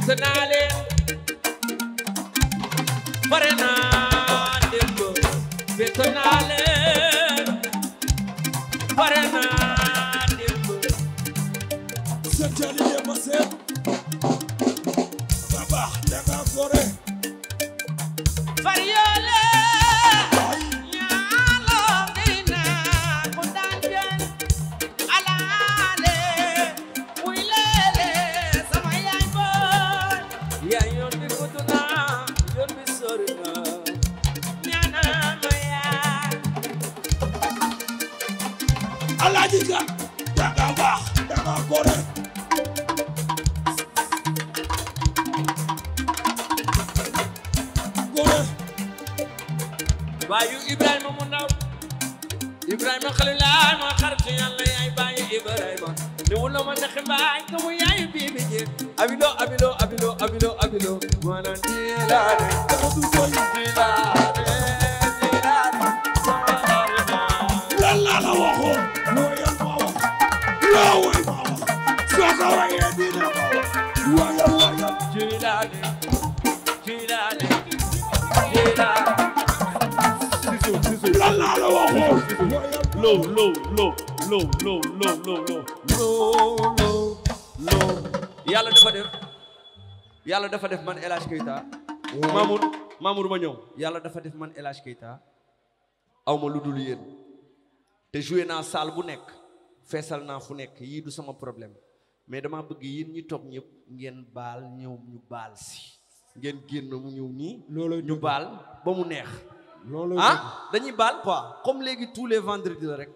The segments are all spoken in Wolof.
bent naa leen waaye Ibrahima mu ndaw Ibrahima xalilaay ma xarit yàlla yaay bàyyi Ibrahima ni wula ma ne xibaay ka mu yaay bii bi jee abilo abilo abilo abilo abilo maanaam diilaane dama du koy diilaane low, low, low, low, low, low, low, low, low, low, low. yàlla dafa def yàlla dafa def man El Hadj Keita. Mamour Mamour ma ñëw. yàlla dafa def man El Hadj Keita aw ma lu dul yéen te joué naa salle bu nekk feesal naa fu nekk yii du sama problème mais dama bëgg yéen ñi toog ñëpp ngeen baal ñëw ñu baal si ngeen génn mu ñëw nii. looloo ñu baal ba mu neex. ah dañuy baal quoi comme léegi tous les vendredis la rek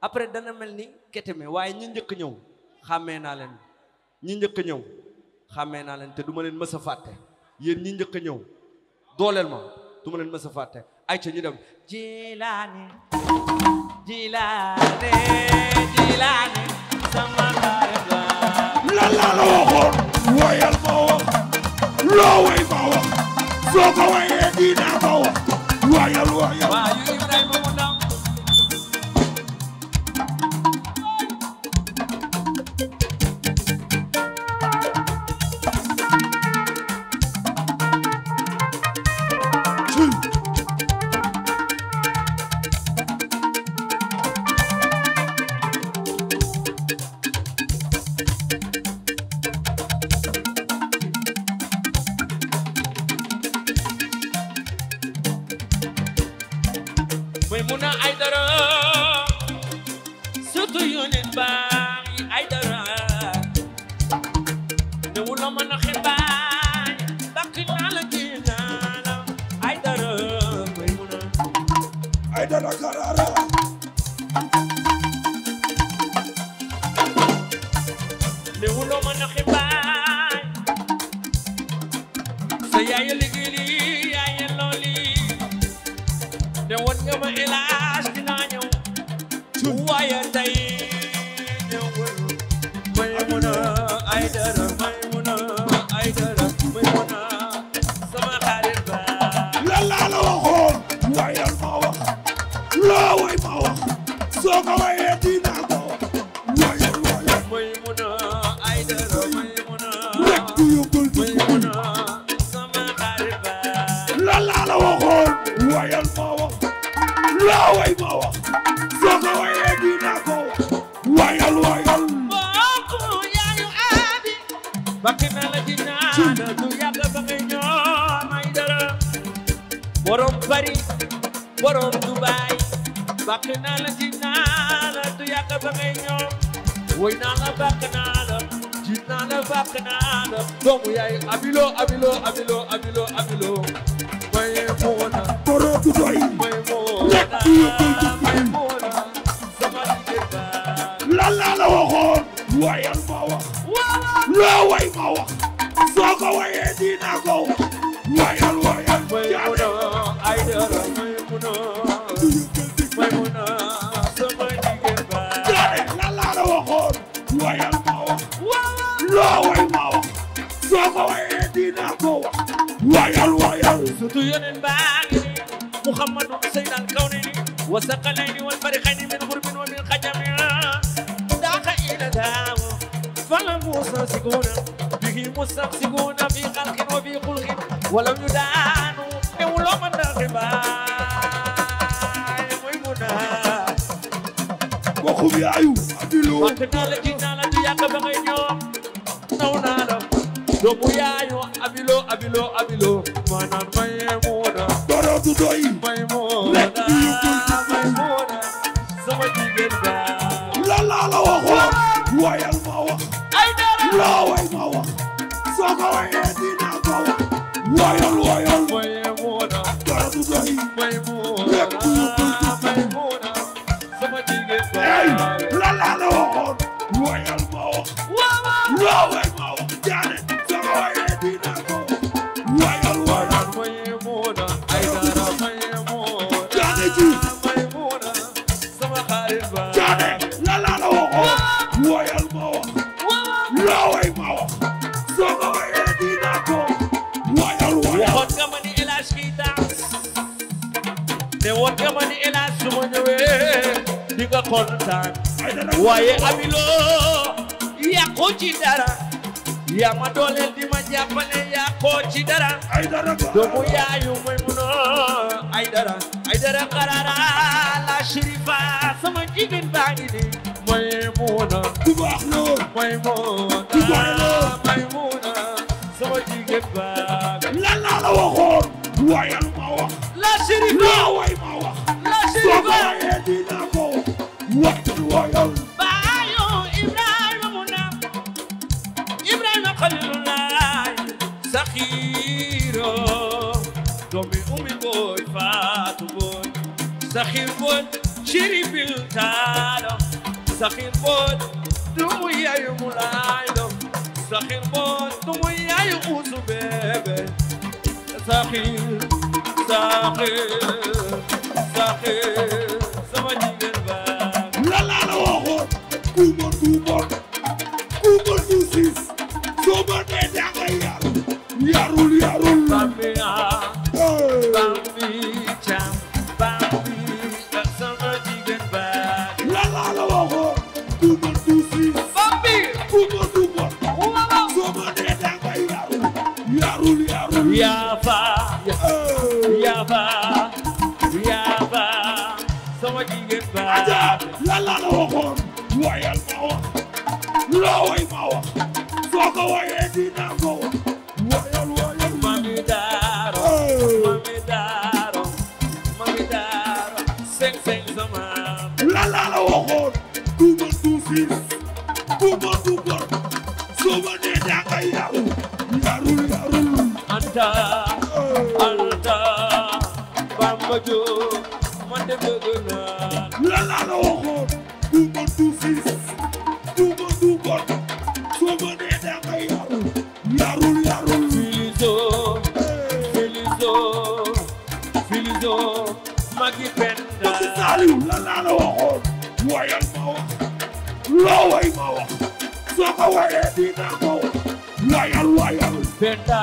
après dana mel ni keteme waaye ñi njëkk ñëw xàmmee naa leen ñi njëkk ñëw xàmmee naa leen te duma leen mës a fàtte yéen ñi njëkk ñëw dooleel ma duma leen mës a fàtte ay ca ñu dem jilaane jilaane jilaane sama la la la waxoon woyal ma wax loo way ma wax soo ko wayee dinaa ma wax royal royal Maymuna ay dara sutu yónent baax yi ay dara ne wula mën a xibaar bakk naa la génnaana ay dara Maymuna ay dara karara nga ma ilaa bakki na la ci ñaan du yàgg ba ngay ñoo may dara borom Paris borom Dubaï bakki na la ci ñaan du yàgg ba ngay ñoo woy naa la bakk ji naa la bakk naa la doomu abilo abilo abilo abilo abilo maye moona borom Dubaï moona loo way ma wax soo ko wayee dina ko wax wayal wayal Maymuna Aidara Maymuna Maymuna sama jigéen ba jaane la la la waxoon wayal ma wax loo way ma wax soo ko wayee dina ko wax wayal wayal surtout yeneen baagi Muhammadu Seydal Kawni wa saqalayni wal bari كانوا سكونا به مستمسكون في خلق وفي خلق ولم يدانوا نولهم الناقبا وخم يا عيو عدلو وانتنا لجينا لجي يقب غينيو نونا لم دومو يا عيو أبلو أبلو أبلو مانا ميمونا درادو دعي loyal loyal Maymuna dara du doy Maymuna lépp lu bëgg Maymuna sama jigéen ay la la la waxoon loyal ma wax loyal ma wax jaane sama waye dina ko loyal loyal Maymuna ay dara Maymuna jaane ji Maymuna sama xarit ba jaane la la la waxoon loyal nga kontaan waaye amiloo yàqoo ci dara yaa ma dooleel di ma jàppale yàqoo ci dara doomu yaayu may munoo ay dara ay dara xarara la shirifa sama jigéen baa ngi ni may muna du baax loo may muna du baax loo may muna sama jigéen baa lan laa la waxoon waaye lu ma wax la shirifa la way ma wax la shirifa saxir boot ciri bil taalo saxir boot dumu yayu mulaylo saxir boot dumu yayu usu bebe saxir saxir saxir yaaba yaaba yaaba sama jigéen ba aja lan la waxoon wayal ma wax loo way ma wax soo ko wayee dina ko wax wayal wayal mami daaro mami daaro mami daaro seng seng sama la waxoon du ma du fiis du ma soo ma nee danga yaru yarul yarul anta Bamba Diop man de bëgg naa la waxoon oh, oh. du ma du fils du ma du bon soo ma nee da yarul yarul yarul filizo magi penda magi saliw lan laa la waxoon oh, wayal ma wax loo way ma wax soo ko wayee dinaa ko wayal wayal penda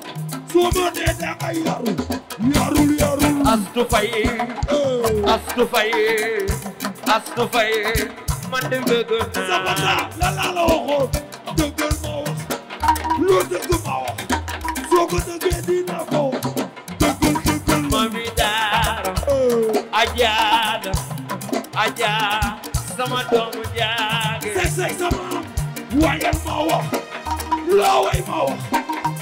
su ma nee da nga yaru yarul yarul astu faye astu faye astu faye man de bëgg naa sabata la la la waxoon dëggal ma wax lu dëgg ma wax soo ko dëggee dina ko dëggal dëggal ma mi daara ajaada aja sama doomu jaage sek sek sama wayal ma wax loo way ma wax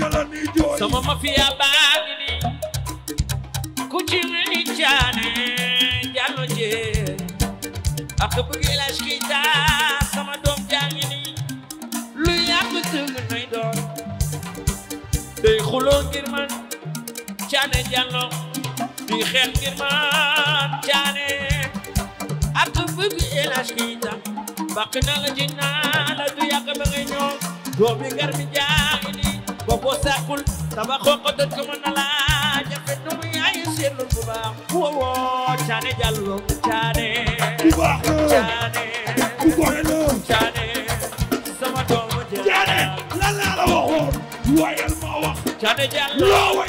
jëla ni jooy sama mafia baa ngi ni ku ci mini caane jàllo jee ak bëgg ilaaj kiita sama doom jaa ngi ni lu yàgg doon day xuloo ngir man caane jàllo di xeex ngir caane ak bëgg ilaaj kiita bàq na la du yàgg ba ngay ñoom doomi garmi jaa ngi boo ko sàkkul tabaxoo ko dëkk mën na laa jafe nu mu yaay seetlu bu baax woowoo caane jàllo caane bu caane bu baax caane la waxoon wayal ma caane jàllo loo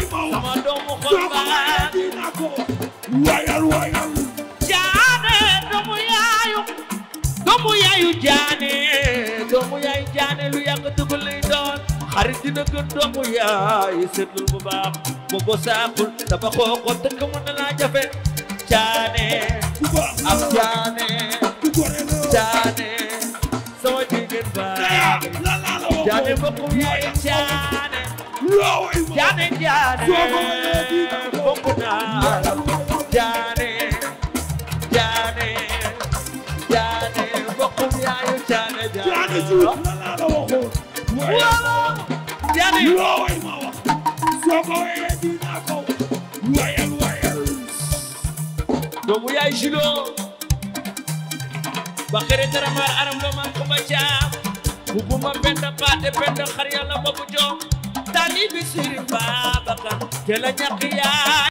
wayal wayal caane doomu yaayu doomu yaayu caane doomu yaayu caane lu yàgg dugg xarit dina gën doomu yaay seetlul bu baax bu ko saakul dafa xooxoon te ko mën na laa jafe caane am caane caane sama jigéen baax caane bokkum yaay caane caane caane bokk naa caane caane caane bokkum yaay caane caane loo way ma wax soo ko wayee dinaa ko wayal wayal doomu yaay jilo ba xere taramaar aram loo man ko ma jaam buguma benda paate benda xar yàlla ma bu joom tali bi siri baaba kan te la ñàkk